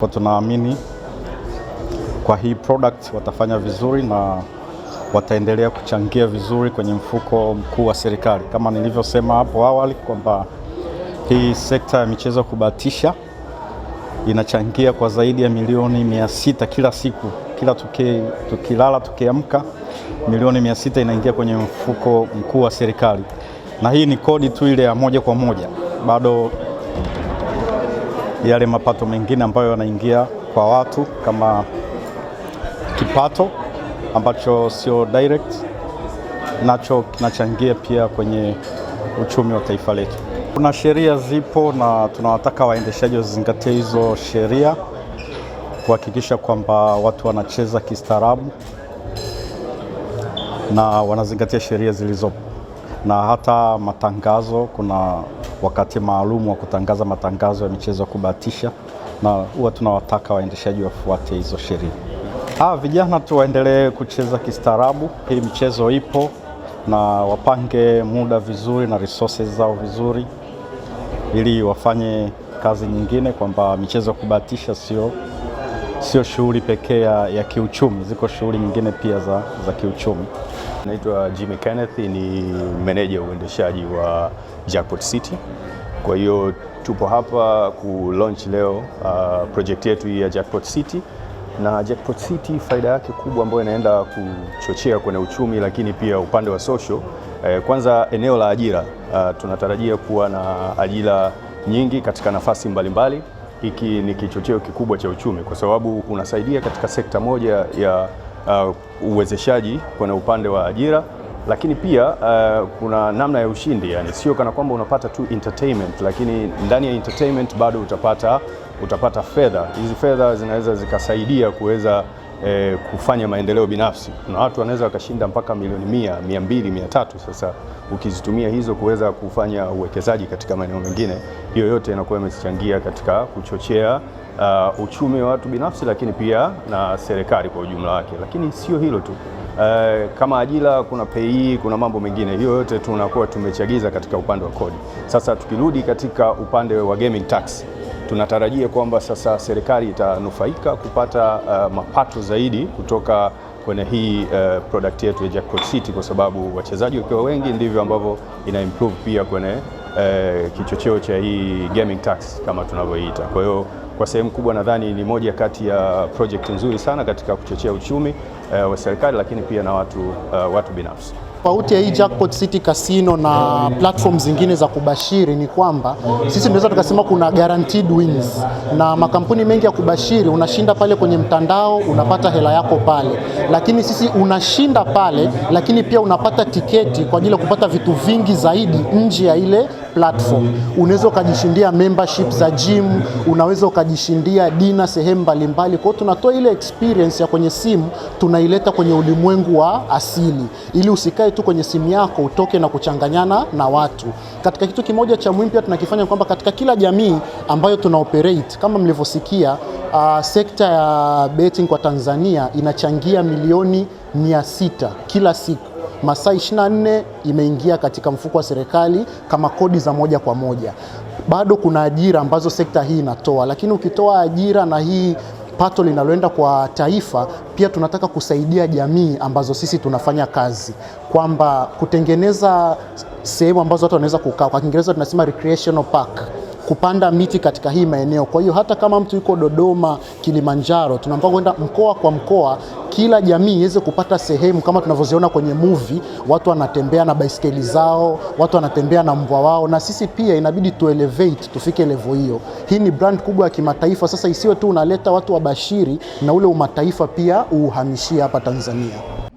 Kwa tunaamini kwa hii product watafanya vizuri na wataendelea kuchangia vizuri kwenye mfuko mkuu wa serikali. Kama nilivyosema hapo awali kwamba hii sekta ya michezo kubahatisha inachangia kwa zaidi ya milioni mia sita kila siku, kila tuki, tukilala tukiamka, milioni mia sita inaingia kwenye mfuko mkuu wa serikali, na hii ni kodi tu ile ya moja kwa moja bado yale mapato mengine ambayo yanaingia kwa watu kama kipato ambacho sio direct, nacho kinachangia pia kwenye uchumi wa taifa letu. Kuna sheria zipo, na tunawataka waendeshaji wazingatie hizo sheria kuhakikisha kwamba watu wanacheza kistaarabu na wanazingatia sheria zilizopo, na hata matangazo kuna wakati maalum wa kutangaza matangazo ya michezo ya kubahatisha, na huwa tunawataka waendeshaji wafuate hizo sheria. Ah, vijana tu waendelee kucheza kistaarabu, hii michezo ipo, na wapange muda vizuri na resources zao vizuri, ili wafanye kazi nyingine, kwamba michezo ya kubahatisha sio sio shughuli pekee ya kiuchumi, ziko shughuli nyingine pia za, za kiuchumi. Naitwa Jimmy Kenneth, ni meneja uendeshaji wa Jackpot City. Kwa hiyo tupo hapa ku launch leo uh, project yetu hii ya Jackpot City na Jackpot City faida yake kubwa ambayo inaenda kuchochea kwenye uchumi, lakini pia upande wa social eh, kwanza eneo la ajira uh, tunatarajia kuwa na ajira nyingi katika nafasi mbalimbali. Hiki ni kichocheo kikubwa cha uchumi, kwa sababu unasaidia katika sekta moja ya uh, uwezeshaji kwenye upande wa ajira, lakini pia uh, kuna namna ya ushindi, yani sio kana kwamba unapata tu entertainment, lakini ndani ya entertainment bado utapata, utapata fedha. Hizi fedha zinaweza zikasaidia kuweza E, kufanya maendeleo binafsi na watu wanaweza wakashinda mpaka milioni mia, mia mbili, mia tatu. Sasa ukizitumia hizo kuweza kufanya uwekezaji katika maeneo mengine, hiyo yote inakuwa imechangia katika kuchochea uh, uchumi wa watu binafsi, lakini pia na serikali kwa ujumla wake. Lakini sio hilo tu, uh, kama ajira kuna pei, kuna mambo mengine, hiyo yote tunakuwa tumechagiza katika upande wa kodi. Sasa tukirudi katika upande wa gaming tax tunatarajia kwamba sasa serikali itanufaika kupata uh, mapato zaidi kutoka kwenye hii uh, product yetu ya Jackpot City kwa sababu wachezaji wakiwa wengi ndivyo ambavyo ina improve pia kwenye eh, kichocheo cha hii gaming tax kama tunavyoiita. Kwa hiyo kwa sehemu kubwa nadhani ni moja kati ya project nzuri sana katika kuchochea uchumi eh, wa serikali, lakini pia na watu, uh, watu binafsi. Tofauti ya hii Jackpot City Casino na platform zingine za kubashiri ni kwamba sisi tunaweza tukasema kuna guaranteed wins, na makampuni mengi ya kubashiri unashinda pale kwenye mtandao unapata hela yako pale, lakini sisi unashinda pale, lakini pia unapata tiketi kwa ajili ya kupata vitu vingi zaidi nje ya ile platform. Unaweza ukajishindia membership za gym, unaweza ukajishindia dina sehemu mbalimbali. Kwa hiyo tunatoa ile experience ya kwenye simu tunaileta kwenye ulimwengu wa asili, ili usikae tu kwenye simu yako utoke na kuchanganyana na watu. Katika kitu kimoja cha muhimu pia tunakifanya kwamba katika kila jamii ambayo tuna operate kama mlivyosikia Uh, sekta ya betting kwa Tanzania inachangia milioni 600 kila siku masaa 24 imeingia katika mfuko wa serikali kama kodi za moja kwa moja. Bado kuna ajira ambazo sekta hii inatoa, lakini ukitoa ajira na hii pato linaloenda kwa taifa, pia tunataka kusaidia jamii ambazo sisi tunafanya kazi, kwamba kutengeneza sehemu ambazo watu wanaweza kukaa, kwa Kiingereza tunasema recreational park kupanda miti katika hii maeneo. Kwa hiyo hata kama mtu yuko Dodoma, Kilimanjaro, tuna mpango kwenda mkoa kwa mkoa, kila jamii iweze kupata sehemu kama tunavyoziona kwenye movie, watu wanatembea na baiskeli zao, watu wanatembea na mbwa wao, na sisi pia inabidi tu elevate, tufike level hiyo. Hii ni brand kubwa ya kimataifa, sasa isiwe tu unaleta watu wabashiri, na ule umataifa pia uuhamishie hapa Tanzania.